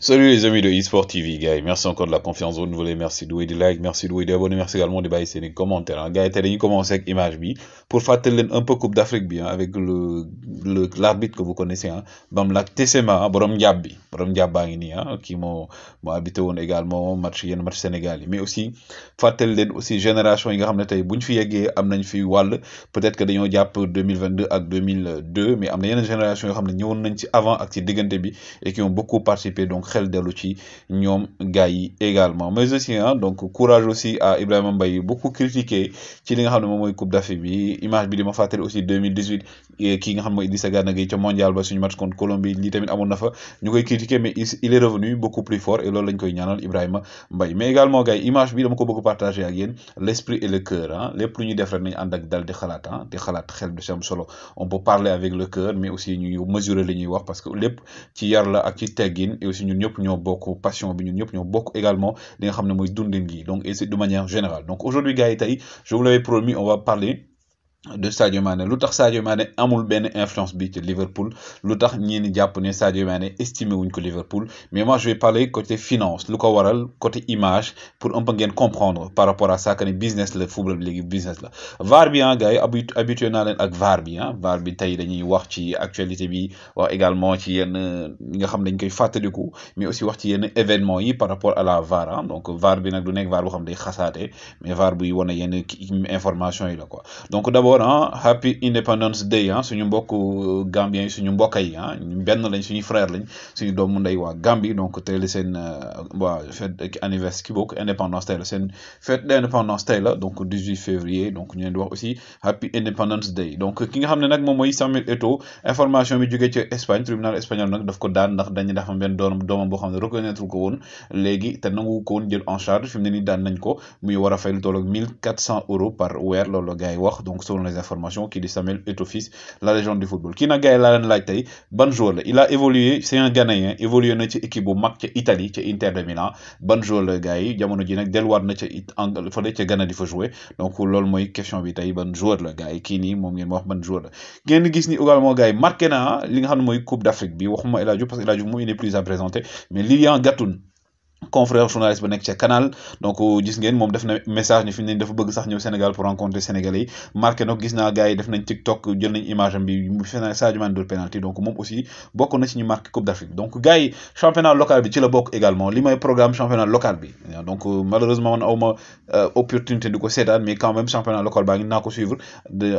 Salut les amis de eSport TV, Merci encore de la confiance voulez. Merci de des likes, merci de des abonnés, merci également de baisser les commentaires. Hein. Guys, t'as commence avec image bi pour faire un peu Coupe d'Afrique bien hein, avec le l'arbitre que vous connaissez hein. Bam la TCMA, hein, Borom Borom qui hein, m'ont habité également match yen match Sénégal. Mais aussi fatel aussi génération qui nga xamné tay buñ fi yeggé am fi peut-être que dañoo japp 2022 à 2002 mais y une génération qui xamné ñëwoon nañ avant ak ci et qui ont beaucoup participé donc xel delu ci ñoom gars yi également mais aussi hein, donc courage aussi à Ibrahima Mbaye beaucoup critiqué ci li nga xamne ne moom Coupe d'Afrique bi image bi dima ma aussi 2018 eh, ki nga xamne moy Idrissa Gana Gueye ca mondial ba suñu match contre Colombie li tamit amon na fa ñu critiqué mais il est revenu beaucoup plus fort et loolu lañ koy ñaanal Ibrahima Mbaye mais également gars image bi dama ko bëgg partager ak yeen l'esprit et le cœur hein lepp lu ñu def rek nañ and ak dal di xalaat hein di xalaat xel du sam solo on peut parler avec le cœur mais aussi ñuy mesurer li ñuy wax parce que lepp ci yar la ak ci teggin et aussi ñun ñëpp ñoo bokk passion bi ñun ñëpp ñoo bokk également li nga xam ne mooy dundin gi donc et c'est de manière générale donc aujourd'hui gars yi je vous l'avais promis on va parler de Sadio Mane. lutax Sadio Mane amul ben influence bi ci Liverpool lutax ñi ni japp ne Sadio Mane estimé wuñ ko Liverpool mais moi je vais parler côté finance lu ko waral côté image pour un peu ngeen comprendre par rapport à ça que business le football bi business la VAR bi ah gars yi habitué naa leen ak VAR bi ah VAR bi tey dañuy wax ci actualité bi wax également ci yenn nga xam dañ koy fàttaliku mais aussi wax ci yenn événement yi par rapport à la VAR hein. donc VAR bi nag du nekk VAR bu xam day xassaté mais VAR bu wane yenn information yi la quoi donc d'abord d'abord ah happy independence day hein suñu mbokku Gambien suñu mbokk yi ah benn lañ suñu frère lañ suñu doomu ndey wa Gambie donc tey la seen euh, waa fête anniversaire ki bokk indépendance tey la seen fête d'indépendance tey la donc 18 février donc ñu leen wax aussi happy independence day donc ki nga xam nak nag moom Samuel Eto information bi jógee ci Espagne tribunal espagnol nak daf ko daan ndax dañu dafa ben doom doom bo xam ne reconnaître ko woon légui té nangou ko woon jël en charge fimné ni ne daan nañ ko muy wara fay lu toll 1400 euros par weer loolu la wax donc les informations qui Samuel est Samuel fils la légende du football qui n'a gars yi laa ban joueur il a évolué c'est un Ghanéen évolué na ci équipe au mag Italie Inter de Milan ban joueur la gars jamono ji del war na ca Angle fële Ghana di fa jouer donc lool moy question bi tay ban joueur le gars yi kii nii ngeen wax ban joueur gis ni également gars yi marqué na li nga moy Coupe d'Afrique bi waxuma El parce que El Hadji il n'est plus à présenter mais Lilian Gatoun confrère journaliste de nek ci canal donc euh, gis ngeen mom def na message ni fi mu ne dafa bëgg sax ñew Sénégal pour rencontrer Sénégalais marqué nok gis na un tiktok def nañ TikTok jël nañ image am bi Sadio man dur penalty donc mom aussi bokk na ci ñu marqué Coupe d'Afrique donc gaay championnat local bi ci la bokk également li programme championnat local bi donc euh, malheureusement man awma euh, opportunité de ko mais quand même championnat local ba ngi nako suivre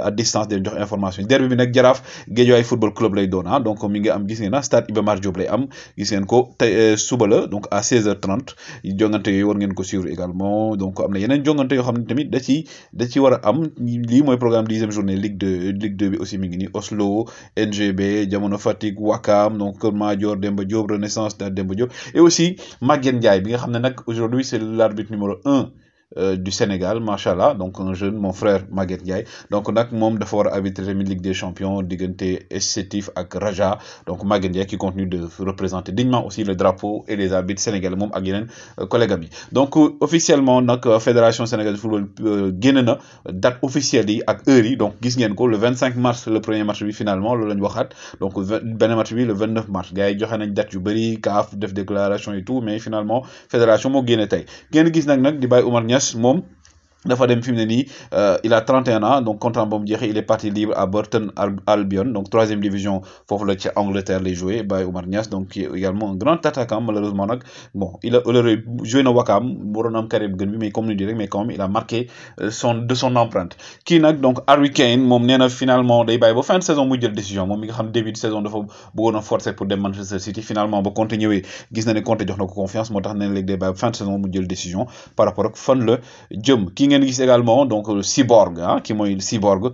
à distance de jox information derby bi nag Jaraaf Guédiawaye football club lay doon ah. donc mi ngi am gis ngeen ah stade Iba Mar Diop lay am gis ngeen ko suba la donc à 16h30 a jongante en ko suivre également donc amna yenen jongante tamit da ci da ci a am li qui programme 10e journée Ligue 2 Ligue 2 aussi mi Oslo NGB Jamono fatigue Wakam donc Demba Renaissance Demba et aussi bi aujourd'hui c'est l'arbitre numéro un euh, du Sénégal MashaAllah donc un jeune mon frère Maguette Ndiaye donc a un dafa de a arbitrer la Ligue des champions Diganté Essetif ak Raja donc Maguette Ndiaye qui continue de représenter dignement aussi le drapeau et les habits sénégalais moom ak yeneen euh, collègues donc euh, officiellement nag fédération sénégalaise de football génn date officielle yi ak donc gis ngeen ko le 25 mars le premier match bi finalement le la ñu donc benn match bi le 29 mars gars yi nañ date yu bëri CAF def déclaration et tout mais finalement fédération moo génne tey ngeen gis nag nag di mom. dafa dem euh, il a 31 ans donc un bon jeexee il est parti libre à Burton Albion donc troisième division pour la les Angleterre lay joué Baye Oumar Niass donc également un grand attaquant malheureusement nag bon il a joué na Wakaam waroon am Karim mais comme ni di rek mais quand même il a marqué euh, son de son empreinte kii nag donc Harry Kane moom nee na finalement day bàyyi ba fin de saison mu jël décision moom mi nga xam début de saison de bëggoon a forcer pour dem Manchester City finalement ba Conte ñëwee gis na ne Conte jox ko confiance moo tax nee day fin de saison mu jël décision par rapport ak fan le jëm ngeen gis également donc Cyborg hein, qui qui moy Cyborg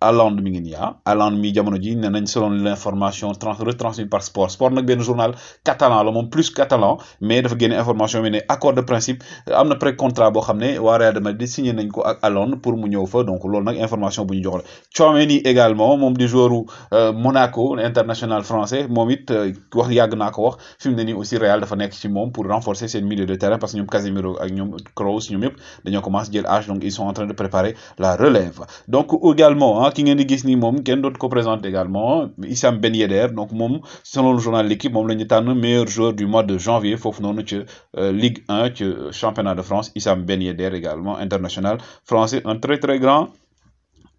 à mi ngi à ah Haaland mi jamono ji selon l'information information retransmise par sport sport nak benn journal catalan la mom plus catalan mais dafa guéné information bi accord de principe euh, après contrat bo xamné wa Real de Madrid signé nañ ko ak pour mu ñëw fa donc lool nak information bu ñu jox la également mom du joueur euh, Monaco international français momit it euh, wax yag un ko wax ni aussi Real dafa nek ci mom pour renforcer ses milieu de terrain parce que ñom Casemiro ak ñom Kroos ñoom yëpp dañoo commencé jël donc ils sont en train de préparer la relève donc également hein, King Gisni di qui qui co également Issam Ben Yedder donc mom selon le journal l'équipe Mom est meilleur joueur du mois de janvier foofu euh, Ligue 1 championnat de France Issam Ben Yedder également international français un très très grand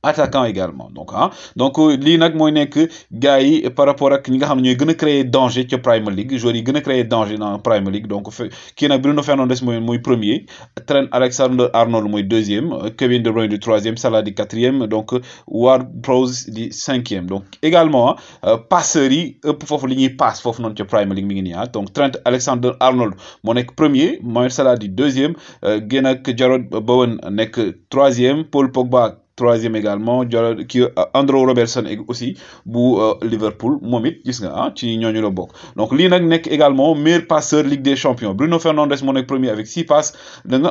attaquant également donc hein, donc euh, li nak moy nek gars par rapport ak ñi nga xam ñoy gëna créer danger ci Premier League joueurs yi gëna créer danger dans Premier League donc ki nak Bruno Fernandes est moy premier Trent Alexander-Arnold moy deuxième Kevin De Bruyne le troisième Salah le quatrième donc Ward-Prowse le cinquième donc également ah, euh, passerie, yi ëpp fofu li ñuy passe fofu que ci Premier League mi ngi ah. donc Trent Alexander-Arnold mo nek premier Mohamed Salah le deuxième euh, Gennad Jarrod Bowen le troisième Paul Pogba troisième également qui euh, Andrew Robertson aussi pour euh, Liverpool momit gis nga ah, ci ñooñu la bok donc li nak également meilleur passeur Ligue des champions Bruno Fernandes mon premier avec 6 passes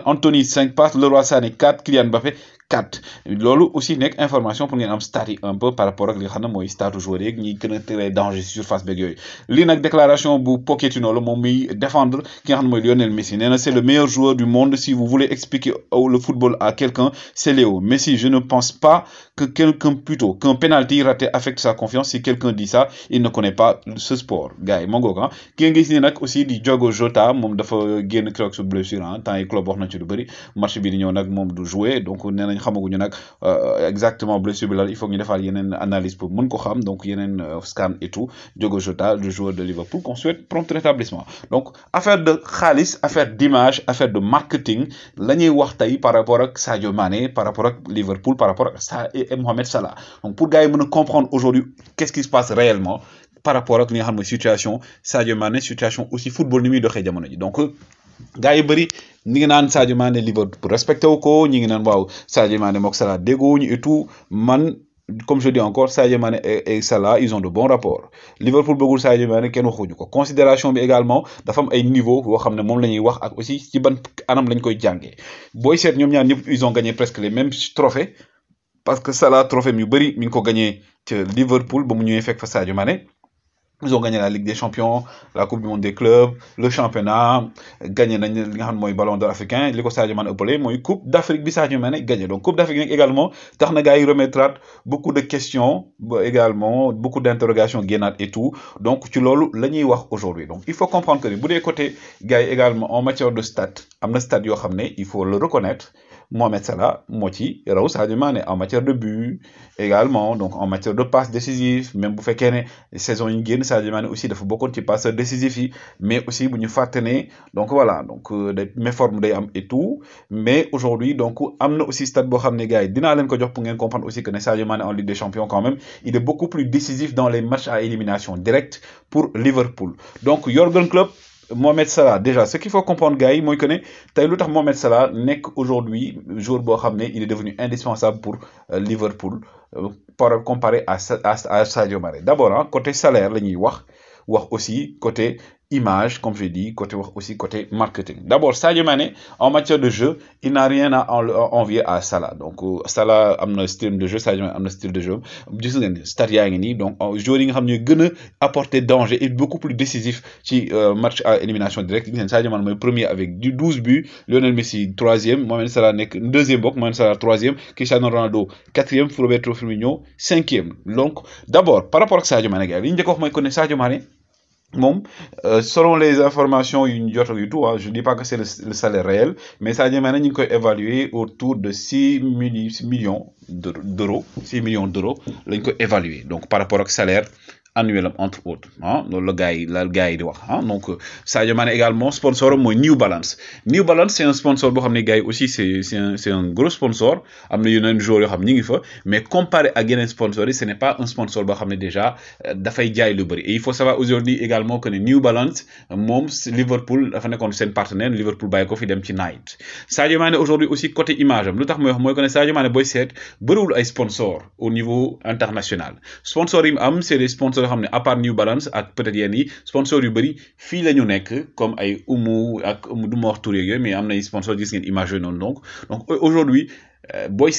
Anthony 5 passes Leroy Sané 4, Kylian Mbappé 4 loolu aussi nek information pour nous am un peu par rapport à li xamna moy ne mooy statu joueur yeeg ñi gëna a danger surface beeg yoy. Li nak déclaration bu Pochettino la mom mi défendre ki nga xam ne Lionel Messi c'est le meilleur joueur du monde si vous voulez expliquer le football à quelqu'un c'est Léo Messi je ne pense pas que quelqu'un plutôt qu'un penalty raté affecte sa confiance si quelqu'un dit ça il ne connaît pas ce sport gars yi ah. ki nga gis ni aussi di Diogo Jota mom dafa genn crocs sur blessure un ah. temps yi club wax nañ ci lu bari. match bi ñew nak mom du jouer donc nee xamaguñu euh, exactement il faut ñu defal une analyse pour mën ko xam donc yenen euh, scan et tout Diogo le joueur de Liverpool qu'on souhaite prompt rétablissement donc affaire de Khalis, affaire d'image affaire de marketing lañuy wax par rapport à Sadio Mané par rapport à Liverpool par rapport à Mohamed Salah donc pour que vous compreniez comprendre aujourd'hui qu'est-ce qui se passe réellement par rapport à la situation Sadio Mané situation aussi football ni muy doxé jamono ji donc gaa yu bëri ñi ngi naan Sadio Mané Liverpool respecté wu ko ñi ngi naan waaw Sadio Mané mook Salah déggoo et tout man comme je dis encore Sadio Mané et Salah ils ont de bons rapports Liverpool bëggul Sadio Mané kenn waxuñu ko considération bi également dafa am ay niveau yoo xam ne moom la ñuy wax ak aussi ci ban anam lañ koy jàngee booy seet ñoom ñaar ñëpp ils ont gagné presque les mêmes trophées parce que Salah trophée yu bëri mi ngi ko gagné ca Liverpool ba mu ñëwee fekk fa Sadio Mané. Ils ont gagné la Ligue des Champions, la Coupe du Monde des clubs, le championnat, gagné le ballon d'or africain le Costa Sadio Coupe d'Afrique bi Sadio gagné donc Coupe d'Afrique également tax remettra beaucoup de questions également beaucoup d'interrogations et tout donc tu l'as vu aujourd'hui donc il faut comprendre que les côté gars également en matière de stats, il faut le reconnaître Mohamed Salah, Moti, Raoult Sadio Mané en matière de but également, donc en matière de passe décisif, même bu qu'elle ne saison yi game, Sadio Mané aussi dafa faut beaucoup passe décisif mais aussi pour nous faire donc voilà donc mes euh, formes day et tout mais aujourd'hui donc am aussi stade de xam et gars pour comprendre aussi que ne Sadio en Ligue des Champions quand même il est beaucoup plus décisif dans les matchs à élimination directe pour Liverpool donc Jorgen Klopp Mohamed Salah déjà ce qu'il faut comprendre gars moi je connais, Tu Mohamed Salah n'est aujourd'hui jour boo il est devenu indispensable pour euh, Liverpool euh, par comparé à à Sadio Mané d'abord hein, côté salaire la ñuy wax aussi côté image, comme je dis, côté aussi côté marketing. D'abord, Sadio Mané, en matière de jeu, il n'a rien à envier à Salah. Donc, euh, Salah a un style de jeu, Sadio a un style de jeu. Stadia donc euh, joueur yi nga un ne qui a apporter danger et beaucoup plus décisif ci euh, match à élimination directe gis Sadio Mané premier avec 12 buts Lionel Messi troisième Mohamed Salah le deuxième bokk Mohamed Salah troisième Cristiano Ronaldo quatrième Roberto Firmino cinquième donc d'abord par rapport à Sadio Mané vous yi li connais, Sadio Mané bon euh, selon les informations je ne ah, je dis pas que c'est le salaire réel mais ça dit que évaluer autour de 6 millions d'euros 6 millions d'euros peut évaluer donc par rapport au salaire annuel entre autres hein, ah, le gars le gars di wax ah, donc euh, Sadio Mané également sponsor am New Balance New Balance c'est un sponsor pour les gars aussi c'est c'est un gros sponsor am une jour joueurs il xam a mais comparé à yeneen sponsor ce n'est pas un sponsor pour les déjà euh, d'affaires jaay lu et il faut savoir aujourd'hui également que New Balance mom Liverpool dafa nekkoon seen partenaire Liverpool bàyyi un fi dem ci Knight Sadio Mané aujourd'hui aussi côté image je lu moi mooy wax Sadio Mané un sponsor au niveau international sponsor am c'est des sponsor yoo xamné ne à part New Balance ak peut-être yenn yi sponsor yu bari fi lañu nekk comme ay umu ak umu du ma wax tur mais amna na sponsor gis ngeen image donc donc aujourd'hui euh, booy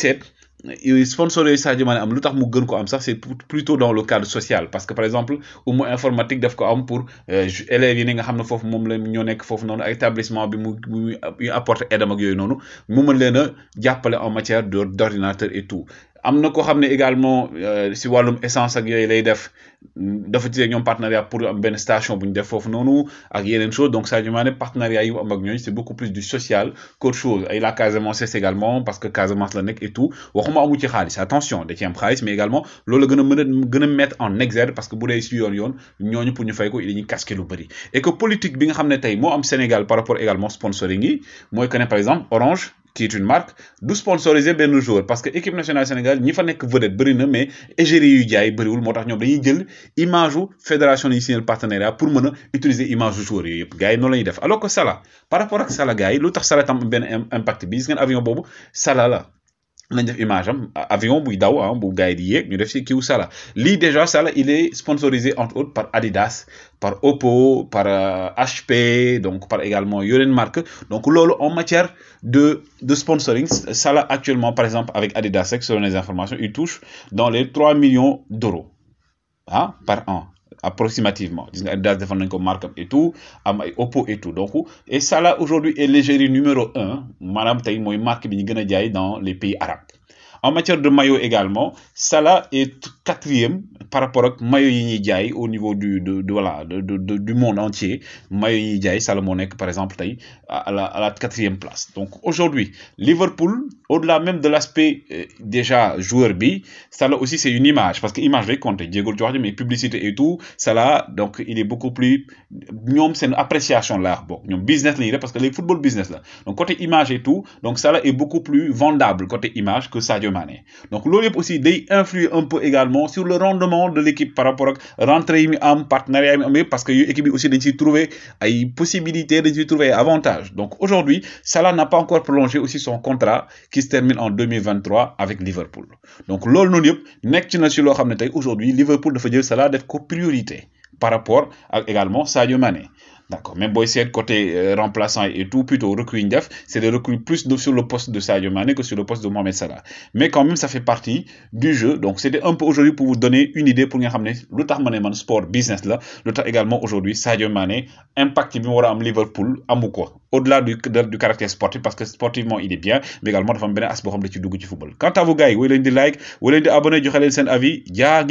les sponsor yooyu Sadio Mané am lutax mu gën ko am sax c'est plutôt dans le cadre social parce que par exemple umu informatique daf ko am pour euh, élèves yi nga xamné fofu mom la ñoo nekk foofu ay établissement bi mu apporter aide ak yoy nonu mu mën leena jappalé en matière d'ordinateur et tout amna ko xamné également euh, si walum essence ak yoy lay def dafa ci ñom partenariat pour am ben station buñ def fofu nonu ak yeneen chose donc Sadio Mané partenariat yu am ak ñoy c'est beaucoup plus du social qu'autre chose ay la Casamance également parce que Casamance la nek et tout waxuma amu ci xaliss attention da ci am xaliss mais également lolu gëna mëna gëna mettre en exergue parce que bu dee si yoon yoon ñoñu pour ñu fay ko ñi casqué lu bari et que politique bi nga xamné tay mo am Sénégal par rapport également sponsoring yi moy que par exemple Orange qui est une marque du sponsoriser nos joueur parce que équipe nationale Sénégal ñi fa nek vedette bëri na mais égérie yu jaay bëriwul moo tax dañuy jël image u fédération yi signé partenariat pour mën utiliser image u joueur yooyu yëpp gars yi noonu def alors que sala par rapport ak sala gars yi lu tax tam ben impact bi gis ngeen avion bobu sala la nañ def image hein. am avion buy daw ah bu gars di yéeg ñu def déjà il est sponsorisé entre autres par Adidas par Oppo par HP euh, donc par également yeneen marque donc en matière de de sponsoring là actuellement par exemple avec Adidas selon les informations il touche dans les 3 millions d'euros hein, par an approximativement gis nga Adidas marque et tout am ay Oppo et tout donc et ça là aujourd'hui est l'égérie numéro un Madame Tay moy marque bi ñu gëna jaay dans les pays arabes en matière de maillot également Salah est quatrième par rapport à Mayo yi au niveau du de voilà de du monde entier Mayo yi par exemple à la à la quatrième place donc aujourd'hui Liverpool au-delà même de l'aspect euh, déjà joueur ça là aussi c'est une image parce que image quand compter mais publicité et tout ça là donc il est beaucoup plus c'est une appréciation là business parce que le football business là donc côté image et tout donc là est beaucoup plus vendable côté image que Sadio Mané donc loolu aussi day influer un peu également sur le rendement de l'équipe par rapport à rentrer en partenariat mais parce que l'équipe aussi trouvé trouver ay possibilités de trouver avantage donc aujourd'hui Salah n'a pas encore prolongé aussi son contrat qui se termine en 2023 avec Liverpool donc l'OL noonu yëpp nek ci na ci aujourd'hui Liverpool dafa jël Salah d'être ko priorité par rapport à également Sadio Mané D'accord. Même Boy c'est côté euh, remplaçant et tout, plutôt recul c'est des recrues plus de, sur le poste de Sadio Mané que sur le poste de Mohamed Salah. Mais quand même, ça fait partie du jeu. Donc, c'était un peu aujourd'hui pour vous donner une idée pour nous ramener le temps Mané sport business là. Le temps également aujourd'hui, Sadio Mané, impact qui Liverpool, à Au-delà du, du, caractère sportif, parce que sportivement, il est bien, mais également, il faut bien aspect de football. Quant à vous, gars, vous voulez des likes, vous voulez des abonnés, vous avez un Avis, ya